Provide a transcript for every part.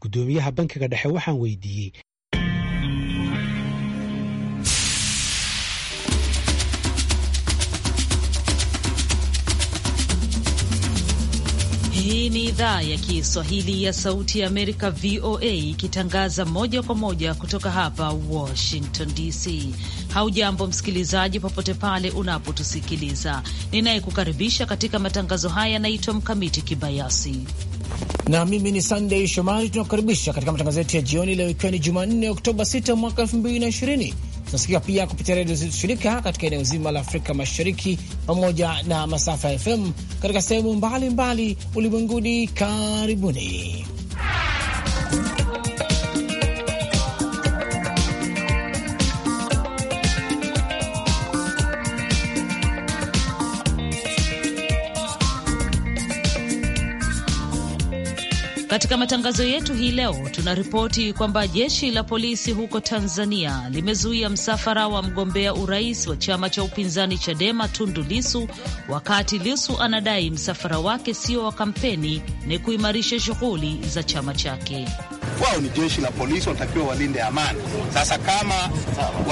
Gudoomiyaha bankiga dhexe waxaan weydiiyey Hii ni idhaa ya Kiswahili ya Sauti ya Amerika, VOA, ikitangaza moja kwa moja kutoka hapa Washington DC. Haujambo msikilizaji, popote pale unapotusikiliza. Ninayekukaribisha katika matangazo haya yanaitwa Mkamiti Kibayasi na mimi ni Sunday Shomari. Tunakukaribisha katika matangazo yetu ya jioni leo, ikiwa ni Jumanne Oktoba 6 mwaka 2020. tunasikika pia kupitia redio zetu shirika katika eneo zima la Afrika Mashariki pamoja na masafa ya FM katika sehemu mbalimbali ulimwenguni. Karibuni Katika matangazo yetu hii leo tunaripoti kwamba jeshi la polisi huko Tanzania limezuia msafara wa mgombea urais wa chama cha upinzani Chadema Tundu Lisu, wakati Lisu anadai msafara wake sio wa kampeni, ni kuimarisha shughuli za chama chake. Wao ni jeshi la polisi, wanatakiwa walinde amani. Sasa kama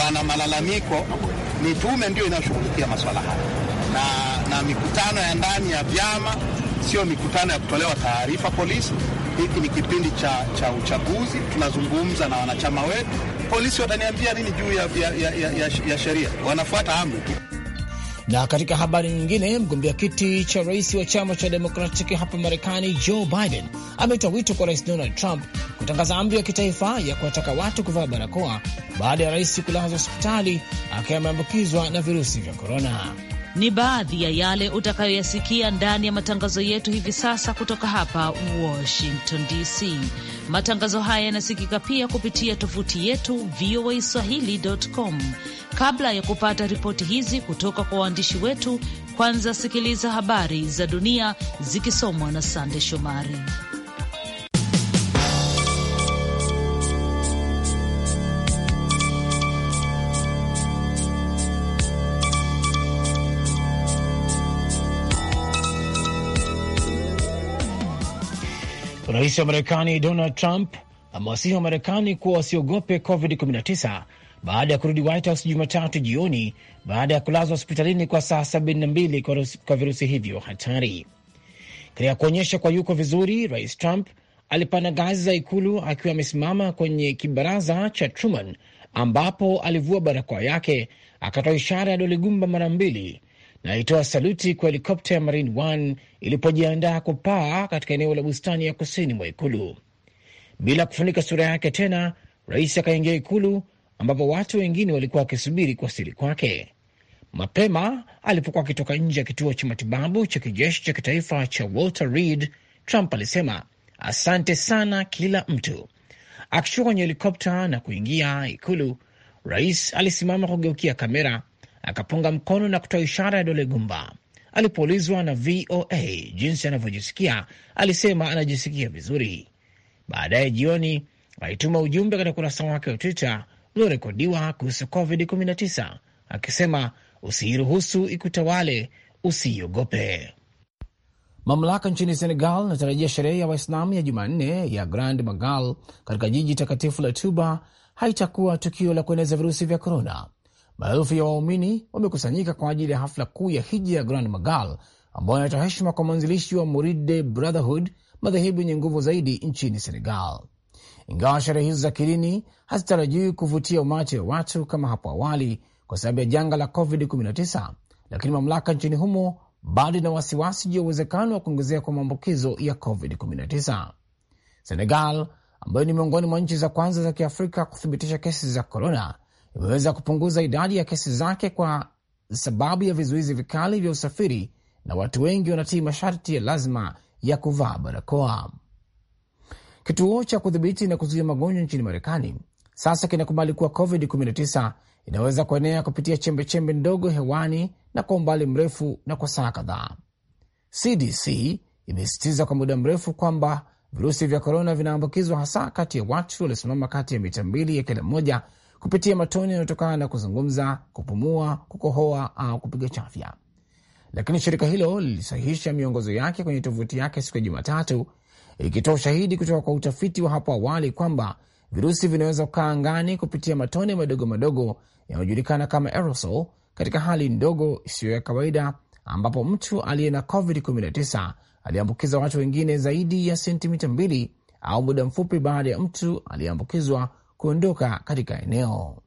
wana malalamiko, ni tume ndio inayoshughulikia maswala haya na, na mikutano ya ndani ya vyama, sio mikutano ya kutolewa taarifa polisi hiki ni kipindi cha, cha uchaguzi, tunazungumza na wanachama wetu. Polisi wataniambia nini juu ya, ya, ya, ya, ya sheria? Wanafuata amri tu. Na katika habari nyingine, mgombea kiti cha rais wa chama cha Demokratic hapa Marekani, Joe Biden ametoa wito kwa rais Donald Trump kutangaza amri ya kitaifa ya kuwataka watu kuvaa barakoa baada ya rais kulazwa hospitali akiwa ameambukizwa na virusi vya korona. Ni baadhi ya yale utakayoyasikia ndani ya matangazo yetu hivi sasa kutoka hapa Washington DC. Matangazo haya yanasikika pia kupitia tovuti yetu voa swahili.com. Kabla ya kupata ripoti hizi kutoka kwa waandishi wetu, kwanza sikiliza habari za dunia zikisomwa na Sande Shomari. Rais wa Marekani Donald Trump amewasihi wa Marekani kuwa wasiogope COVID-19 baada ya kurudi White House Jumatatu jioni baada ya kulazwa hospitalini kwa saa 72 kwa virusi hivyo hatari. Katika kuonyesha kwa yuko vizuri, Rais Trump alipanda ngazi za ikulu akiwa amesimama kwenye kibaraza cha Truman ambapo alivua barakoa yake, akatoa ishara ya dole gumba mara mbili na alitoa saluti kwa helikopta ya Marine One ilipojiandaa kupaa katika eneo la bustani ya kusini mwa ikulu. Bila kufunika sura yake tena, rais akaingia ikulu ambapo watu wengine walikuwa wakisubiri kuwasili kwake. Mapema alipokuwa akitoka nje ya kituo cha matibabu cha kijeshi cha kitaifa cha Walter Reed, Trump alisema asante sana kila mtu. Akishuka kwenye helikopta na kuingia ikulu, rais alisimama kugeukia kamera akapunga mkono na kutoa ishara ya dole gumba. Alipoulizwa na VOA jinsi anavyojisikia, alisema anajisikia vizuri. Baadaye jioni alituma ujumbe katika ukurasa wake wa Twitter uliorekodiwa kuhusu COVID-19 akisema, usiiruhusu ikutawale, usiiogope. Mamlaka nchini Senegal inatarajia sherehe ya Waislamu ya Jumanne ya Grand Magal katika jiji takatifu la Tuba haitakuwa tukio la kueneza virusi vya korona Maelfu ya waumini wamekusanyika kwa ajili ya hafla kuu ya hija ya Grand Magal ambayo inatoa heshima kwa mwanzilishi wa Muride Brotherhood, madhehebu yenye nguvu zaidi nchini Senegal. Ingawa sherehe hizo za kidini hazitarajiwi kuvutia umati wa watu kama hapo awali kwa sababu ya janga la COVID-19, lakini mamlaka nchini humo bado ina wasiwasi juu ya uwezekano wa kuongezea kwa maambukizo ya COVID-19. Senegal ambayo ni miongoni mwa nchi za kwanza za Kiafrika kuthibitisha kesi za korona imeweza kupunguza idadi ya kesi zake kwa sababu ya vizuizi vikali vya usafiri na watu wengi wanatii masharti ya lazima ya kuvaa barakoa. Kituo cha kudhibiti na kuzuia magonjwa nchini Marekani sasa kinakubali kuwa COVID-19 inaweza kuenea kupitia chembechembe ndogo hewani na kwa umbali mrefu na kwa saa kadhaa. CDC imesisitiza kwa muda mrefu kwamba virusi vya korona vinaambukizwa hasa kati ya watu waliosimama kati ya mita mbili ya kila mmoja kupitia matone yanayotokana na kuzungumza, kupumua, kukohoa au kupiga chafya. Lakini shirika hilo lilisahihisha miongozo yake kwenye tovuti yake siku ya Jumatatu, ikitoa ushahidi kutoka kwa utafiti wa hapo awali kwamba virusi vinaweza kukaa angani kupitia matone madogo madogo yanayojulikana kama aerosol katika hali ndogo isiyo ya kawaida, ambapo mtu aliye na COVID-19 aliambukiza watu wengine zaidi ya sentimita mbili au muda mfupi baada ya mtu aliyeambukizwa kuondoka katika eneo.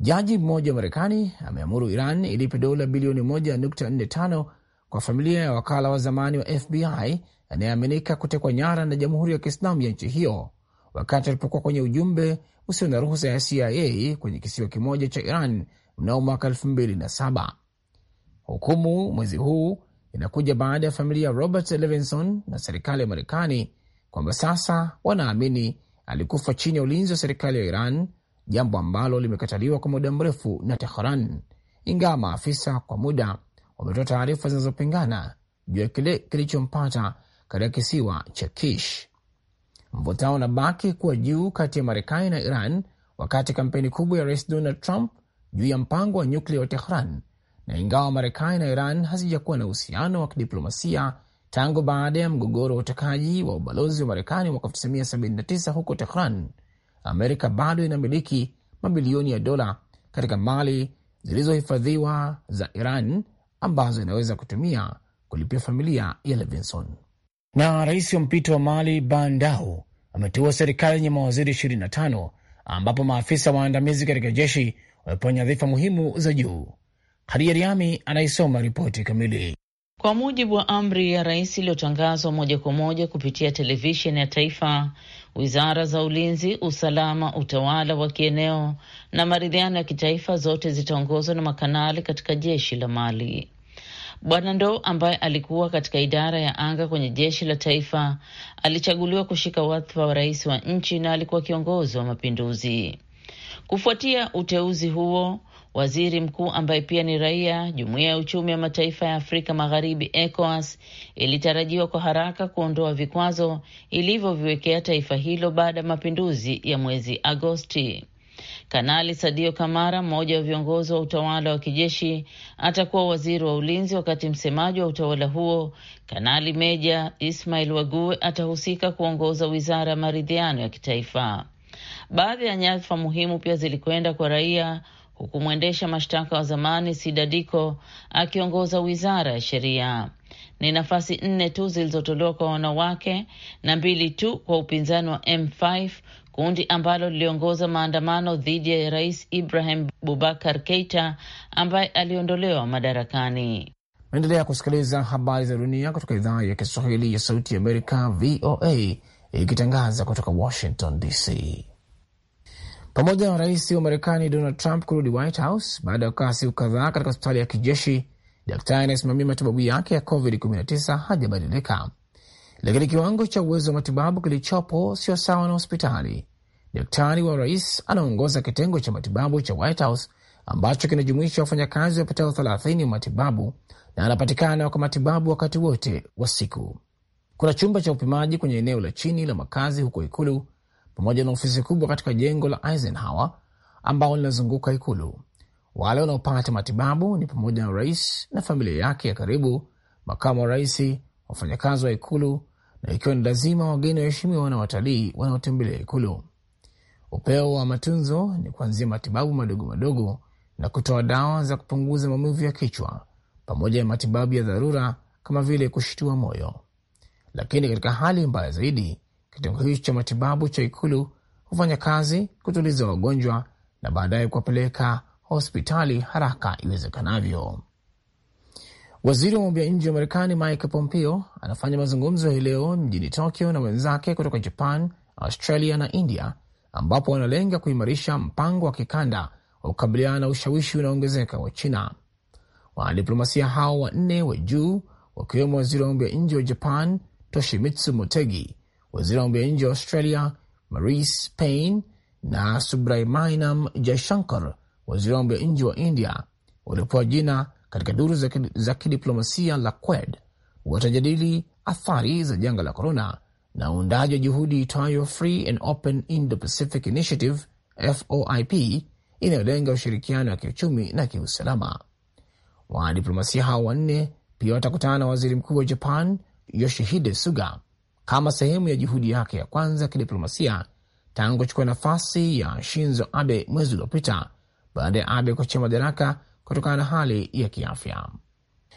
Jaji mmoja wa Marekani ameamuru Iran ilipe dola bilioni 1.45 kwa familia ya wakala wa zamani wa FBI anayeaminika kutekwa nyara na Jamhuri ya Kiislamu ya nchi hiyo wakati alipokuwa kwenye ujumbe usio na ruhusa ya CIA kwenye kisiwa kimoja cha Iran mnao mwaka 2007. Hukumu mwezi huu inakuja baada ya familia Robert Levinson na serikali ya Marekani kwamba sasa wanaamini alikufa chini ya ulinzi wa serikali ya Iran, jambo ambalo limekataliwa kwa muda mrefu na Tehran, ingawa maafisa kwa muda wametoa taarifa zinazopingana juu ya kile kilichompata katika kisiwa cha Kish. Mvutano unabaki kuwa juu kati ya Marekani na Iran wakati kampeni kubwa ya Rais Donald Trump juu ya mpango wa nyuklia wa Tehran, na ingawa Marekani na Iran hazijakuwa na uhusiano wa kidiplomasia tangu baada ya mgogoro wa utekaji wa ubalozi wa Marekani mwaka 1979 huko Tehran, Amerika bado inamiliki mabilioni ya dola katika mali zilizohifadhiwa za Iran ambazo inaweza kutumia kulipia familia ya Levinson. Na rais wa mpito wa Mali Bandau ameteua serikali yenye mawaziri 25 ambapo maafisa waandamizi katika jeshi wamepewa nyadhifa muhimu za juu. Hadija Riami anaisoma ripoti kamili. Kwa mujibu wa amri ya rais iliyotangazwa moja kwa moja kupitia televisheni ya taifa, wizara za ulinzi, usalama, utawala wa kieneo na maridhiano ya kitaifa zote zitaongozwa na makanali katika jeshi la Mali. Bwana Ndoo ambaye alikuwa katika idara ya anga kwenye jeshi la taifa alichaguliwa kushika wadhifa wa rais wa nchi na alikuwa kiongozi wa mapinduzi. Kufuatia uteuzi huo, Waziri mkuu ambaye pia ni raia, jumuiya ya uchumi wa mataifa ya Afrika Magharibi, ECOWAS, ilitarajiwa kwa haraka kuondoa vikwazo ilivyoviwekea taifa hilo baada ya mapinduzi ya mwezi Agosti. Kanali Sadio Kamara, mmoja wa viongozi wa utawala wa kijeshi, atakuwa waziri wa ulinzi, wakati msemaji wa utawala huo Kanali Meja Ismail Wague atahusika kuongoza wizara ya maridhiano ya kitaifa. Baadhi ya nyadhifa muhimu pia zilikwenda kwa raia huku mwendesha mashtaka wa zamani Sidadiko akiongoza wizara ya sheria. Ni nafasi nne tu zilizotolewa kwa wanawake na mbili tu kwa upinzani wa M5, kundi ambalo liliongoza maandamano dhidi ya rais Ibrahim Bubakar Keita ambaye aliondolewa madarakani. Naendelea kusikiliza habari za dunia kutoka idhaa ya Kiswahili ya Sauti ya Amerika, VOA, ikitangaza kutoka Washington DC pamoja na rais wa Marekani Donald Trump kurudi White House baada ya kukaa siku kadhaa katika hospitali ya kijeshi. Daktari anayesimamia matibabu yake ya COVID-19 hajabadilika, lakini kiwango cha uwezo wa matibabu kilichopo sio sawa na hospitali. Daktari wa rais anaongoza kitengo cha matibabu cha White House ambacho kinajumuisha wafanyakazi wapatao 30 wa matibabu na anapatikana kwa matibabu wakati wote wa siku. Kuna chumba cha upimaji kwenye eneo la chini la makazi huko Ikulu pamoja na ofisi kubwa katika jengo la Eisenhower ambao linazunguka ikulu. Wale wanaopata matibabu ni pamoja na rais na familia yake ya karibu, makamu wa rais, wafanyakazi wa ikulu na ikiwa ni lazima, wageni waheshimiwa na watalii wanaotembelea ikulu. Upeo wa matunzo ni kuanzia matibabu madogo madogo na kutoa dawa za kupunguza maumivu ya kichwa pamoja na matibabu ya dharura kama vile kushitua moyo. Lakini katika hali mbaya zaidi, Kitengo hicho cha matibabu cha ikulu hufanya kazi kutuliza wagonjwa na baadaye kuwapeleka hospitali haraka iwezekanavyo. Waziri wa mambo ya nje wa Marekani Mike Pompeo anafanya mazungumzo hii leo mjini Tokyo na wenzake kutoka Japan, Australia na India, ambapo wanalenga kuimarisha mpango wa kikanda wa kukabiliana na ushawishi unaoongezeka wa China. Wanadiplomasia hao wanne wa juu wakiwemo waziri wa mambo ya nje wa Japan Toshimitsu Motegi waziri wa mambo ya nje wa Australia maris Payne na Subrahmanam Jaishankar, waziri wa mambo ya nje wa India, waliopewa jina katika duru za kidiplomasia la Quad, watajadili athari za janga la korona na uundaji wa juhudi itayo Free and Open Indo-Pacific Initiative FOIP inayolenga ushirikiano wa kiuchumi na kiusalama. wadiplomasia hao wanne pia watakutana na waziri mkuu wa Japan Yoshihide Suga kama sehemu ya juhudi yake ya kwanza ya kidiplomasia tangu kuchukua nafasi ya Shinzo Abe mwezi uliopita baada ya Abe kuachia madaraka kutokana na hali ya kiafya.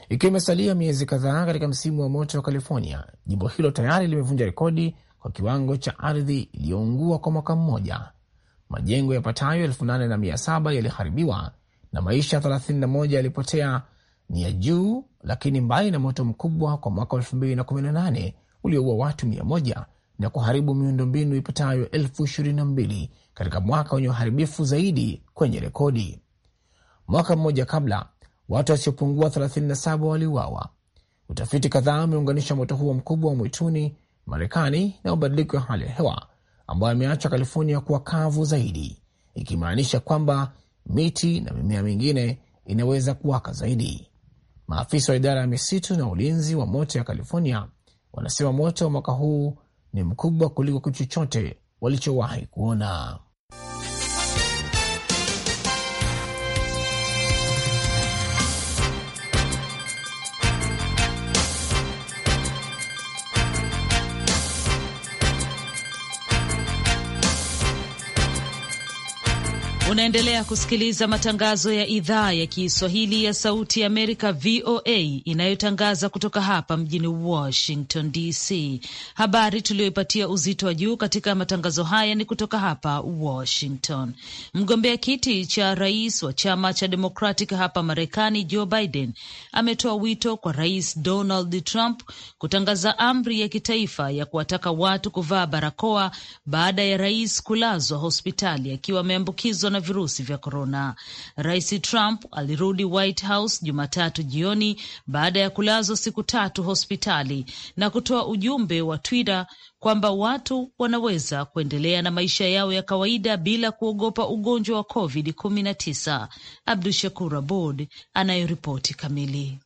Ikiwa imesalia miezi kadhaa katika msimu wa moto wa California, jimbo hilo tayari limevunja rekodi kwa kiwango cha ardhi iliyoungua kwa mwaka mmoja. Majengo yapatayo patayo 87 yaliharibiwa na maisha 31 yalipotea, ni ya juu lakini mbali na moto mkubwa kwa mwaka 2018 ulioua watu mia moja na kuharibu miundombinu ipatayo elfu ishirini na mbili katika mwaka wenye uharibifu zaidi kwenye rekodi. Mwaka mmoja kabla, watu wasiopungua 37 waliuawa. Utafiti kadhaa umeunganisha moto huo mkubwa wa mwituni Marekani na mabadiliko ya hali ya hewa ambayo yameacha California kuwa kavu zaidi, ikimaanisha kwamba miti na mimea mingine inaweza kuwaka zaidi. Maafisa wa idara ya misitu na ulinzi wa moto ya California Wanasema moto wa mwaka huu ni mkubwa kuliko kitu chochote walichowahi kuona. Unaendelea kusikiliza matangazo ya idhaa ya Kiswahili ya Sauti ya Amerika, VOA, inayotangaza kutoka hapa mjini Washington DC. Habari tuliyoipatia uzito wa juu katika matangazo haya ni kutoka hapa Washington. Mgombea kiti cha rais wa chama cha Democratic hapa Marekani, Joe Biden, ametoa wito kwa Rais Donald Trump kutangaza amri ya kitaifa ya kuwataka watu kuvaa barakoa baada ya rais kulazwa hospitali akiwa ameambukizwa na virusi vya korona. Rais Trump alirudi White House Jumatatu jioni baada ya kulazwa siku tatu hospitali na kutoa ujumbe wa Twitter kwamba watu wanaweza kuendelea na maisha yao ya kawaida bila kuogopa ugonjwa wa COVID-19. Abdu Shakur Abod anayoripoti kamili.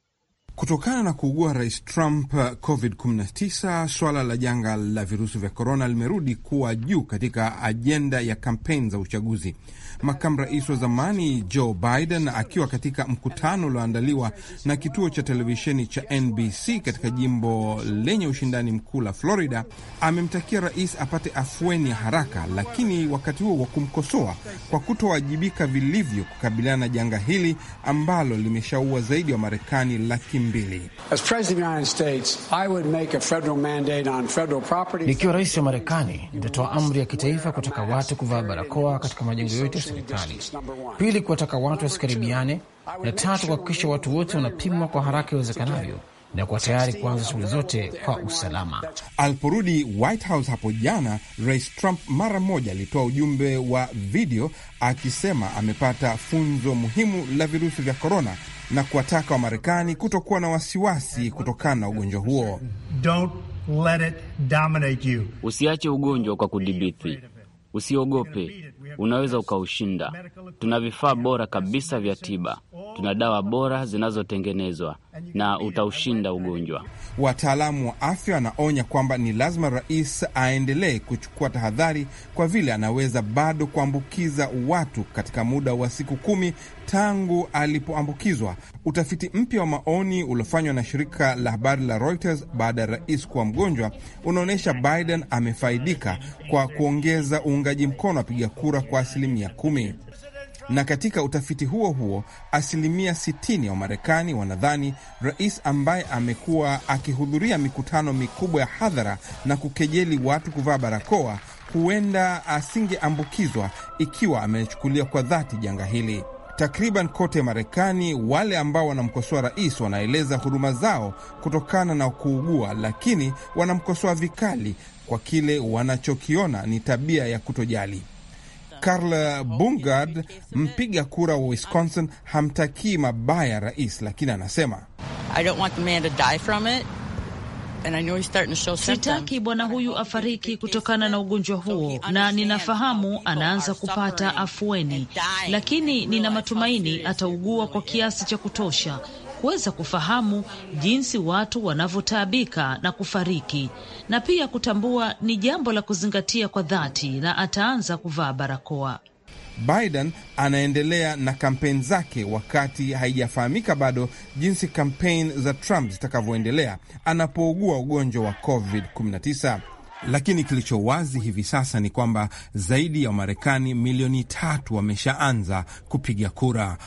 Kutokana na kuugua Rais Trump uh, COVID-19, swala la janga la virusi vya korona limerudi kuwa juu katika ajenda ya kampeni za uchaguzi. Makamu rais wa zamani Joe Biden akiwa katika mkutano ulioandaliwa na kituo cha televisheni cha NBC katika jimbo lenye ushindani mkuu la Florida amemtakia rais apate afueni ya haraka, lakini wakati huo wa kumkosoa kwa kutowajibika vilivyo kukabiliana na janga hili ambalo limeshaua zaidi ya marekani laki mbili. Nikiwa rais wa Marekani, nitatoa amri ya kitaifa kutaka watu kuvaa barakoa katika majengo yote ya serikali, pili, kuwataka watu wasikaribiane, na tatu, kuhakikisha watu wote wanapimwa kwa haraka iwezekanavyo na kwa tayari kuanza shughuli zote kwa usalama. Aliporudi White House hapo jana, Rais Trump mara moja alitoa ujumbe wa video akisema amepata funzo muhimu la virusi vya korona na kuwataka Wamarekani kutokuwa na wasiwasi kutokana na ugonjwa huo. Usiache ugonjwa kwa kudhibiti, usiogope, unaweza ukaushinda. Tuna vifaa bora kabisa vya tiba, tuna dawa bora zinazotengenezwa, na utaushinda ugonjwa. Wataalamu wa afya wanaonya kwamba ni lazima rais aendelee kuchukua tahadhari kwa vile anaweza bado kuambukiza watu katika muda wa siku kumi tangu alipoambukizwa. Utafiti mpya wa maoni uliofanywa na shirika la habari la Reuters baada ya rais kuwa mgonjwa unaonyesha Biden amefaidika kwa kuongeza uungaji mkono wa piga kura kwa asilimia kumi. Na katika utafiti huo huo, asilimia 60 ya Wamarekani wanadhani rais ambaye amekuwa akihudhuria mikutano mikubwa ya hadhara na kukejeli watu kuvaa barakoa huenda asingeambukizwa ikiwa amechukulia kwa dhati janga hili. Takriban kote Marekani, wale ambao wanamkosoa rais wanaeleza huruma zao kutokana na kuugua, lakini wanamkosoa vikali kwa kile wanachokiona ni tabia ya kutojali. Karl Bungard, mpiga kura wa Wisconsin, hamtakii mabaya rais, lakini anasema sitaki bwana huyu afariki kutokana na ugonjwa huo, na ninafahamu anaanza kupata afueni, lakini nina matumaini ataugua kwa kiasi cha kutosha kuweza kufahamu jinsi watu wanavyotaabika na kufariki, na pia kutambua ni jambo la kuzingatia kwa dhati, na ataanza kuvaa barakoa. Biden anaendelea na kampeni zake, wakati haijafahamika bado jinsi kampeni za Trump zitakavyoendelea anapougua ugonjwa wa COVID-19. Lakini kilicho wazi hivi sasa ni kwamba zaidi ya Wamarekani milioni tatu wameshaanza kupiga kura.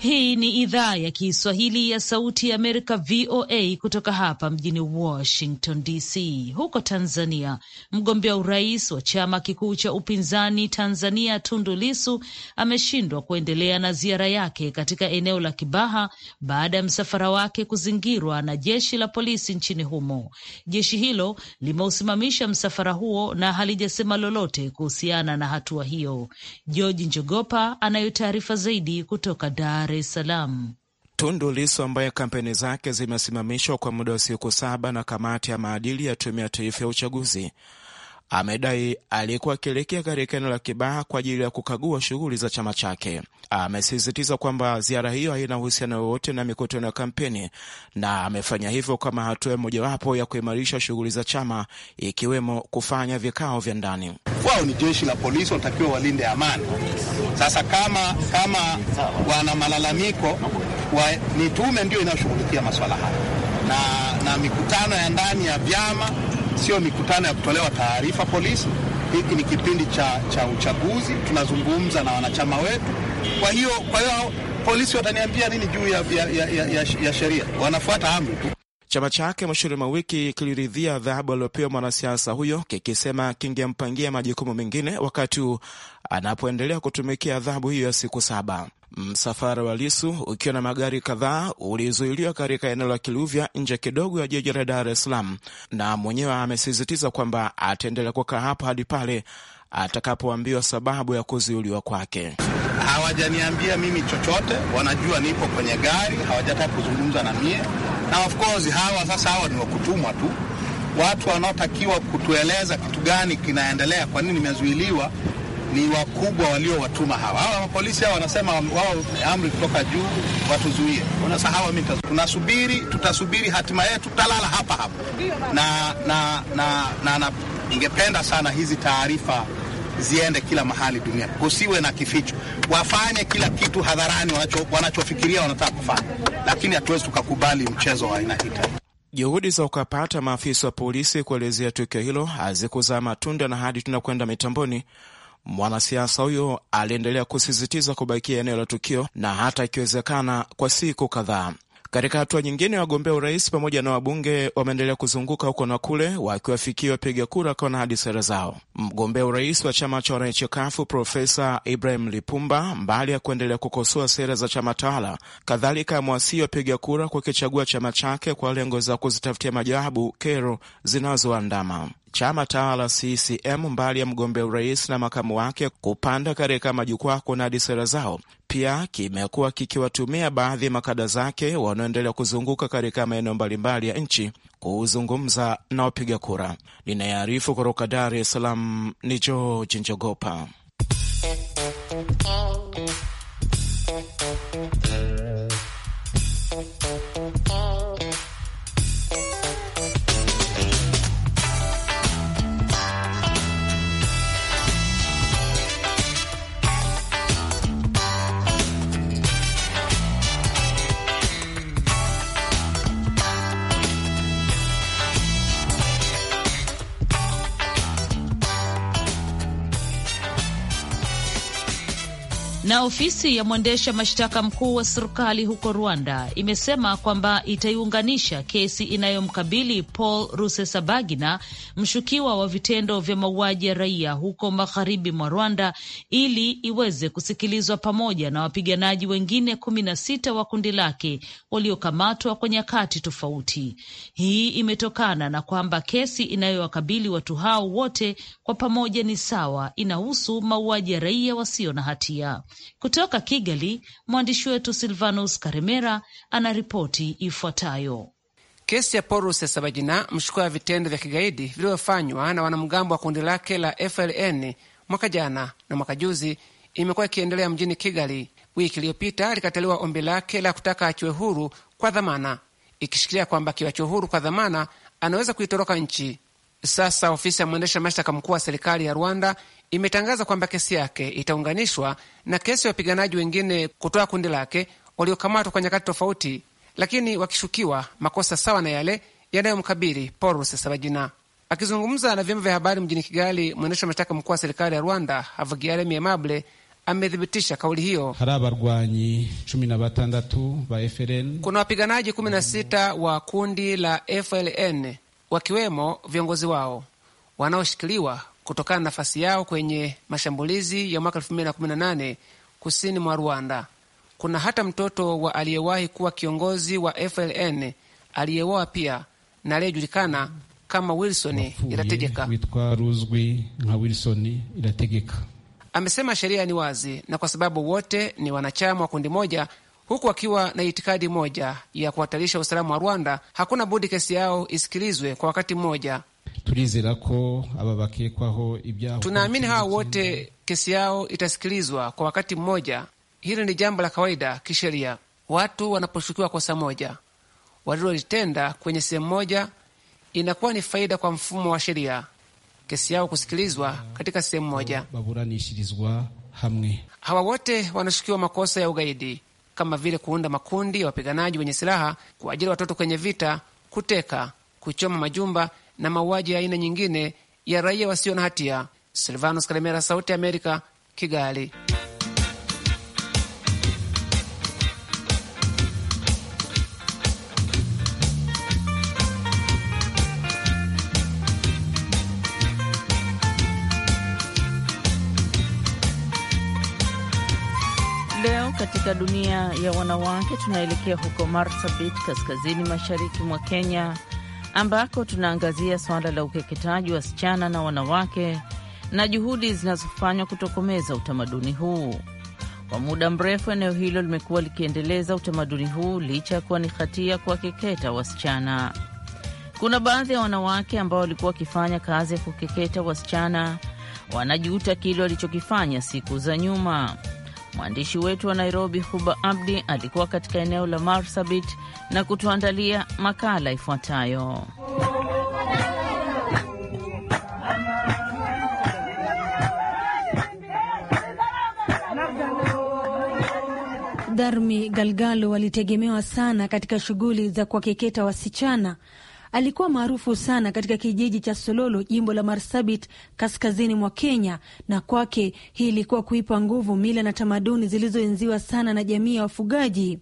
Hii ni idhaa ya Kiswahili ya Sauti ya Amerika, VOA, kutoka hapa mjini Washington DC. Huko Tanzania, mgombea urais wa chama kikuu cha upinzani Tanzania, Tundu Lisu, ameshindwa kuendelea na ziara yake katika eneo la Kibaha baada ya msafara wake kuzingirwa na jeshi la polisi nchini humo. Jeshi hilo limeusimamisha msafara huo na halijasema lolote kuhusiana na hatua hiyo. George Njogopa anayo taarifa zaidi kutoka Dar Dar es Salaam. Tundu Lisu ambaye kampeni zake zimesimamishwa kwa muda wa siku saba na kamati ya maadili ya Tume ya Taifa ya Uchaguzi amedai aliyekuwa akielekea katika eneo la Kibaha kwa ajili ya kukagua shughuli za chama chake. Amesisitiza kwamba ziara hiyo haina uhusiano wowote na mikutano ya kampeni na amefanya hivyo kama hatua mojawapo ya kuimarisha shughuli za chama, ikiwemo kufanya vikao vya ndani. Wao ni jeshi la polisi, wanatakiwa walinde amani. Sasa kama kama wana malalamiko wa, ni tume ndio inayoshughulikia maswala haya na, na mikutano ya ndani ya vyama sio mikutano ya kutolewa taarifa polisi. Hiki ni kipindi cha, cha uchaguzi, tunazungumza na wanachama wetu. Kwa hiyo kwa hiyo polisi wataniambia nini juu ya, ya, ya, ya, ya sheria? Wanafuata amri tu. Chama chake mwishoni mwa wiki kiliridhia adhabu aliyopewa mwanasiasa huyo kikisema kingempangia majukumu mengine wakati anapoendelea kutumikia adhabu hiyo ya siku saba. Msafara wa Lisu ukiwa na magari kadhaa ulizuiliwa katika eneo la Kiluvya, nje kidogo ya jiji la Dar es Salaam, na mwenyewe amesisitiza kwamba ataendelea kukaa hapo hadi pale atakapoambiwa sababu ya kuzuiliwa kwake. Hawajaniambia mimi chochote, wanajua nipo kwenye gari, hawajataka kuzungumza na mie, na of course hawa sasa, hawa ni wakutumwa tu, watu wanaotakiwa kutueleza kitu gani kinaendelea, kwa nini nimezuiliwa ni wakubwa waliowatuma hawa. Hawa mapolisi hawa wanasema wao amri kutoka juu watuzuie. Sasa hawa tunasubiri, tutasubiri hatima yetu, tutalala hapa hapa na, na, na, na, na ningependa sana hizi taarifa ziende kila mahali duniani, kusiwe na kificho. Wafanye kila kitu hadharani wanacho, wanataka kufanya, lakini hatuwezi tukakubali mchezo wa aina hita Juhudi za ukapata maafisa wa polisi kuelezea tukio hilo hazikuzaa matunda, na hadi tunakwenda mitamboni Mwanasiasa huyo aliendelea kusisitiza kubakia eneo la tukio na hata ikiwezekana kwa siku kadhaa. Katika hatua nyingine, wagombea urais pamoja na wabunge wameendelea kuzunguka huko na kule, wakiwafikia wapiga kura kona hadi sera zao. Mgombea urais wa chama cha wananchi Kafu Profesa Ibrahim Lipumba, mbali ya kuendelea kukosoa sera za chama tawala, kadhalika amewasihi wapiga kura kukichagua chama chake kwa lengo za kuzitafutia majawabu kero zinazoandama chama tawala CCM mbali ya mgombea urais na makamu wake kupanda katika majukwaa kunadi sera zao, pia kimekuwa kikiwatumia baadhi ya makada zake wanaoendelea kuzunguka katika maeneo mbalimbali ya nchi kuzungumza na wapiga kura. Ninayearifu kutoka Dar es Salaam ni George Njogopa. Na ofisi ya mwendesha mashtaka mkuu wa serikali huko Rwanda imesema kwamba itaiunganisha kesi inayomkabili Paul Rusesabagina, mshukiwa wa vitendo vya mauaji ya raia huko magharibi mwa Rwanda, ili iweze kusikilizwa pamoja na wapiganaji wengine kumi na sita wa kundi lake waliokamatwa kwa nyakati tofauti. Hii imetokana na kwamba kesi inayowakabili watu hao wote kwa pamoja ni sawa, inahusu mauaji ya raia wasio na hatia. Kutoka Kigali, mwandishi wetu Silvanus Karemera ana ripoti ifuatayo. Kesi ya Porus ya Sabajina, mshukiwa wa vitendo vya kigaidi vilivyofanywa na wanamgambo wa kundi lake la FLN mwaka jana na mwaka juzi, imekuwa ikiendelea mjini Kigali. Wiki iliyopita alikataliwa ombi lake la kutaka achiwe huru kwa dhamana, ikishikilia kwamba akiwachiwa huru kwa dhamana anaweza kuitoroka nchi. Sasa ofisi ya mwendesha mashtaka mkuu wa serikali ya Rwanda imetangaza kwamba kesi yake itaunganishwa na kesi ya wapiganaji wengine kutoka kundi lake waliokamatwa kwa nyakati tofauti, lakini wakishukiwa makosa sawa na yale yanayomkabili Paul Rusesabagina. Akizungumza na vyombo vya habari mjini Kigali, mwendesha mashtaka mkuu wa serikali ya Rwanda Havugiyaremye Aimable amethibitisha kauli hiyo. Kuna wapiganaji 16 wa kundi la FLN wakiwemo viongozi wao wanaoshikiliwa kutokana na nafasi yao kwenye mashambulizi ya mwaka 2018 kusini mwa Rwanda. Kuna hata mtoto wa aliyewahi kuwa kiongozi wa FLN aliyeoa pia na aliyejulikana kama Wilson Irategeka. Wilson Irategeka amesema sheria ni wazi na kwa sababu wote ni wanachama wa kundi moja, huku wakiwa na itikadi moja ya kuhatarisha usalama wa Rwanda, hakuna budi kesi yao isikilizwe kwa wakati mmoja Tunaamini hawa wote kesi yao itasikilizwa kwa wakati mmoja. Hili ni jambo la kawaida kisheria. Watu wanaposhukiwa kosa moja walilolitenda kwenye sehemu moja, inakuwa ni faida kwa mfumo wa sheria kesi yao kusikilizwa katika sehemu moja. Hawa wote wanashukiwa makosa ya ugaidi kama vile kuunda makundi ya wapiganaji wenye silaha, kuajiri watoto kwenye vita, kuteka, kuchoma majumba na mauaji ya aina nyingine ya raia wasio na hatia. Silvanos kalemera Sauti Amerika, Kigali. Leo katika dunia ya wanawake tunaelekea huko Marsabit, kaskazini mashariki mwa Kenya ambako tunaangazia suala la ukeketaji wasichana na wanawake na juhudi zinazofanywa kutokomeza utamaduni huu. Kwa muda mrefu, eneo hilo limekuwa likiendeleza utamaduni huu licha ya kuwa ni hatia kuwakeketa wasichana. Kuna baadhi ya wanawake ambao walikuwa wakifanya kazi ya kukeketa wasichana wanajuta kile walichokifanya siku za nyuma. Mwandishi wetu wa Nairobi, Huba Abdi, alikuwa katika eneo la Marsabit na kutuandalia makala ifuatayo. Dharmi Galgalo walitegemewa sana katika shughuli za kuwakeketa wasichana Alikuwa maarufu sana katika kijiji cha Sololo, jimbo la Marsabit, kaskazini mwa Kenya, na kwake hii ilikuwa kuipa nguvu mila na tamaduni zilizoenziwa sana na jamii ya wafugaji.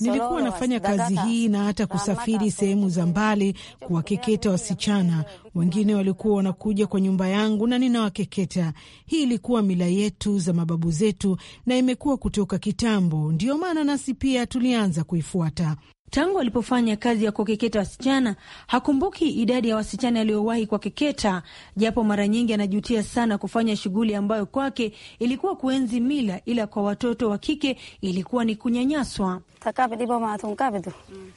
Nilikuwa nafanya kazi hii na hata kusafiri sehemu za mbali kuwakeketa wasichana. Wengine walikuwa wanakuja kwa nyumba yangu na ninawakeketa. Hii ilikuwa mila yetu za mababu zetu na imekuwa kutoka kitambo, ndiyo maana nasi pia tulianza kuifuata. Tangu alipofanya kazi ya kukeketa wasichana, hakumbuki idadi ya wasichana aliyowahi kuwakeketa, japo mara nyingi anajutia sana kufanya shughuli ambayo kwake ilikuwa kuenzi mila, ila kwa watoto wa kike ilikuwa ni kunyanyaswa. Mm.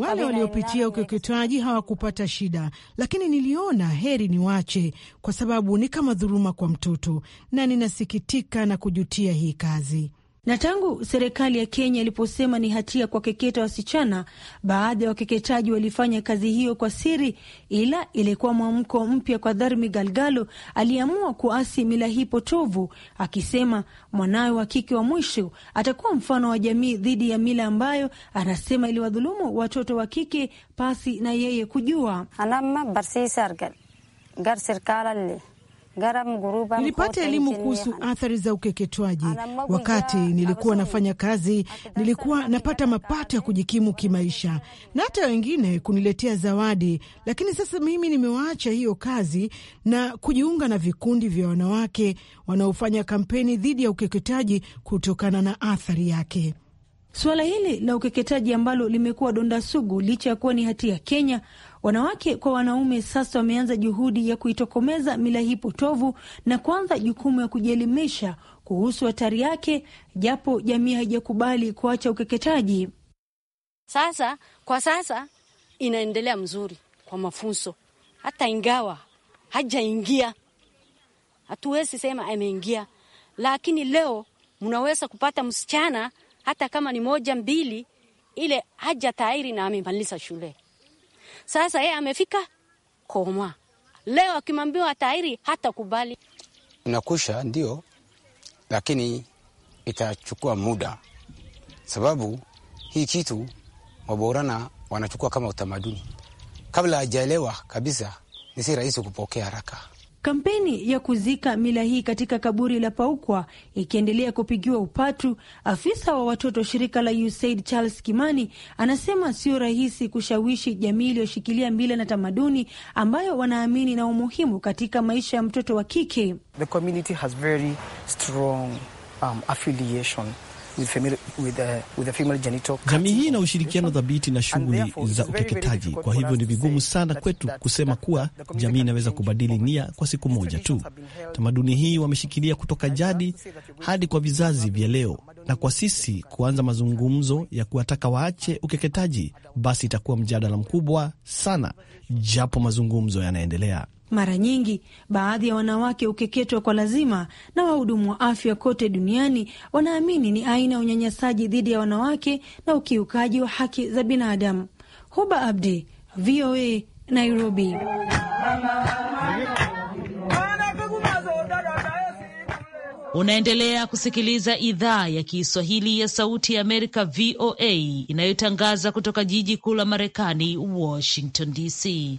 Wale waliopitia ukeketaji hawakupata shida, lakini niliona heri niwache, kwa sababu ni kama dhuluma kwa mtoto, na ninasikitika na kujutia hii kazi. Na tangu serikali ya Kenya iliposema ni hatia kwa keketa wasichana, baadhi ya wakeketaji walifanya kazi hiyo kwa siri, ila ilikuwa mwamko mpya kwa Dharmi Galgalo aliyeamua kuasi mila hii potovu, akisema mwanawe wa kike wa mwisho atakuwa mfano wa jamii dhidi ya mila ambayo anasema iliwadhulumu watoto wa kike pasi na yeye kujua. Anama gar Nilipata elimu kuhusu athari za ukeketwaji. Wakati nilikuwa nafanya kazi, nilikuwa napata mapato ya kujikimu kimaisha na hata wengine kuniletea zawadi, lakini sasa mimi nimewaacha hiyo kazi na kujiunga na vikundi vya wanawake wanaofanya kampeni dhidi ya ukeketaji kutokana na athari yake. Suala hili la ukeketaji ambalo limekuwa donda sugu licha ya kuwa ni hatia Kenya, Wanawake kwa wanaume sasa wameanza juhudi ya kuitokomeza mila hii potovu na kuanza jukumu ya kujielimisha kuhusu hatari yake, japo jamii haijakubali kuacha ukeketaji. Sasa kwa sasa inaendelea mzuri kwa mafunzo, hata ingawa hajaingia, hatuwezi sema ameingia, lakini leo mnaweza kupata msichana hata kama ni moja mbili, ile haja tairi na amemaliza shule sasa yeye amefika koma leo, akimwambiwa tairi hata kubali unakusha ndio, lakini itachukua muda, sababu hii kitu Waborana wanachukua kama utamaduni, kabla hajaelewa kabisa, ni si rahisi kupokea haraka. Kampeni ya kuzika mila hii katika kaburi la Paukwa ikiendelea kupigiwa upatu, afisa wa watoto shirika la USAID Charles Kimani anasema sio rahisi kushawishi jamii iliyoshikilia mila na tamaduni ambayo wanaamini na umuhimu katika maisha ya mtoto wa kike. The community has very strong, um, affiliation Jamii uh, hii ina ushirikiano dhabiti na shughuli za ukeketaji, kwa hivyo ni vigumu sana kwetu kusema kuwa jamii inaweza kubadili nia kwa siku moja tu. Tamaduni hii wameshikilia kutoka jadi hadi kwa vizazi vya leo na kwa sisi kuanza mazungumzo ya kuwataka waache ukeketaji, basi itakuwa mjadala mkubwa sana, japo mazungumzo yanaendelea. Mara nyingi baadhi ya wanawake hukeketwa kwa lazima, na wahudumu wa afya kote duniani wanaamini ni aina ya unyanyasaji dhidi ya wanawake na ukiukaji wa haki za binadamu. Huba Abdi, VOA, Nairobi. Unaendelea kusikiliza idhaa ya Kiswahili ya Sauti ya Amerika, VOA, inayotangaza kutoka jiji kuu la Marekani, Washington DC.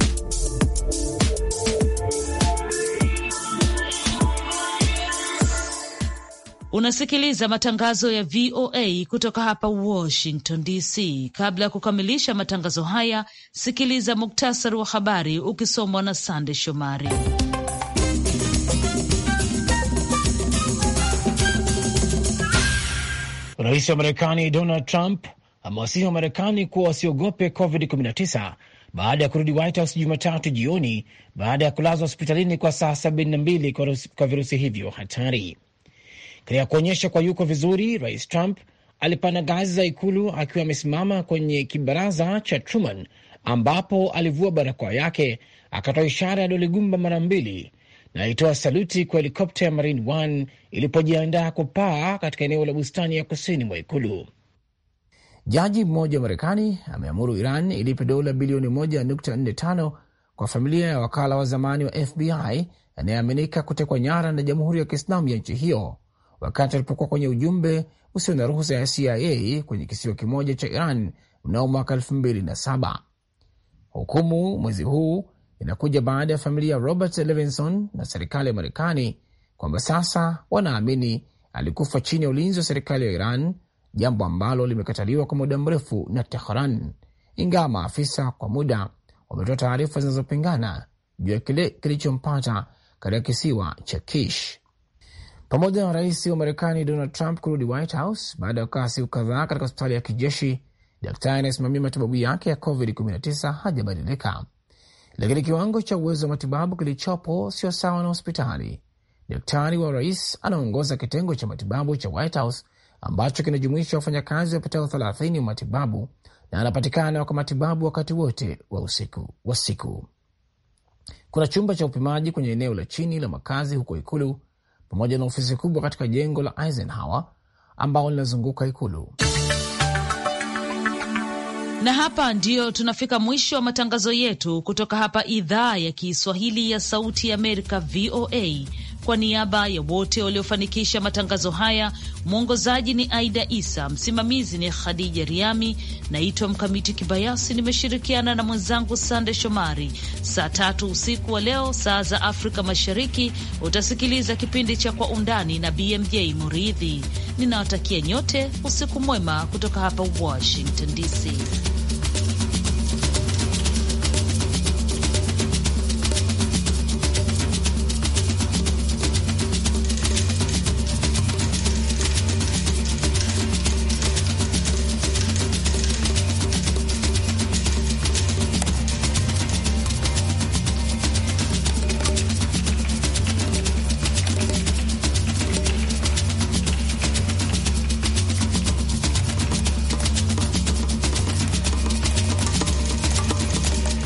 Unasikiliza matangazo ya VOA kutoka hapa Washington DC. Kabla ya kukamilisha matangazo haya, sikiliza muktasari wa habari ukisomwa na Sande Shomari. Rais wa Marekani Donald Trump amewasihi wa Marekani kuwa wasiogope COVID-19 baada ya kurudi White House Jumatatu jioni baada ya kulazwa hospitalini kwa saa 72 kwa virusi hivyo hatari. Katika kuonyesha kwa yuko vizuri, Rais Trump alipanda ngazi za ikulu akiwa amesimama kwenye kibaraza cha Truman ambapo alivua barakoa yake, akatoa ishara ya dole gumba mara mbili na alitoa saluti kwa helikopta ya Marine One ilipojiandaa kupaa katika eneo la bustani ya kusini mwa ikulu. Jaji mmoja wa Marekani ameamuru Iran ilipe dola bilioni 1.45 kwa familia ya wakala wa zamani wa FBI anayeaminika kutekwa nyara na Jamhuri ya Kiislamu ya nchi hiyo wakati walipokuwa kwenye ujumbe usio na ruhusa ya CIA kwenye kisiwa kimoja cha Iran mnao mwaka elfu mbili na saba. Hukumu mwezi huu inakuja baada ya familia Robert Levinson na serikali ya Marekani kwamba sasa wanaamini alikufa chini ya ulinzi wa serikali ya Iran, jambo ambalo limekataliwa kwa muda mrefu na Tehran, ingawa maafisa kwa muda wametoa taarifa zinazopingana juu ya kile kilichompata katika kisiwa cha Kish pamoja na rais wa Marekani Donald Trump kurudi White House baada ya kukaa siku kadhaa katika hospitali ya kijeshi. Daktari anayesimamia matibabu yake ya COVID-19 hajabadilika, lakini kiwango cha uwezo wa matibabu kilichopo sio sawa na hospitali. Daktari wa rais anaongoza kitengo cha matibabu cha White House ambacho kinajumuisha wafanyakazi wapatao 30 wa matibabu na anapatikana kwa matibabu wakati wote wa usiku wa siku. Kuna chumba cha upimaji kwenye eneo la chini la makazi huko Ikulu pamoja na ofisi kubwa katika jengo la Eisenhower ambao linazunguka ikulu. Na hapa ndiyo tunafika mwisho wa matangazo yetu kutoka hapa idhaa ya Kiswahili ya Sauti ya Amerika, VOA. Kwa niaba ya wote waliofanikisha matangazo haya, mwongozaji ni Aida Isa, msimamizi ni Khadija Riami. Naitwa Mkamiti Kibayasi, nimeshirikiana na mwenzangu Sande Shomari. Saa tatu usiku wa leo, saa za Afrika Mashariki, utasikiliza kipindi cha Kwa Undani na BMJ Muridhi. Ninawatakia nyote usiku mwema kutoka hapa Washington DC.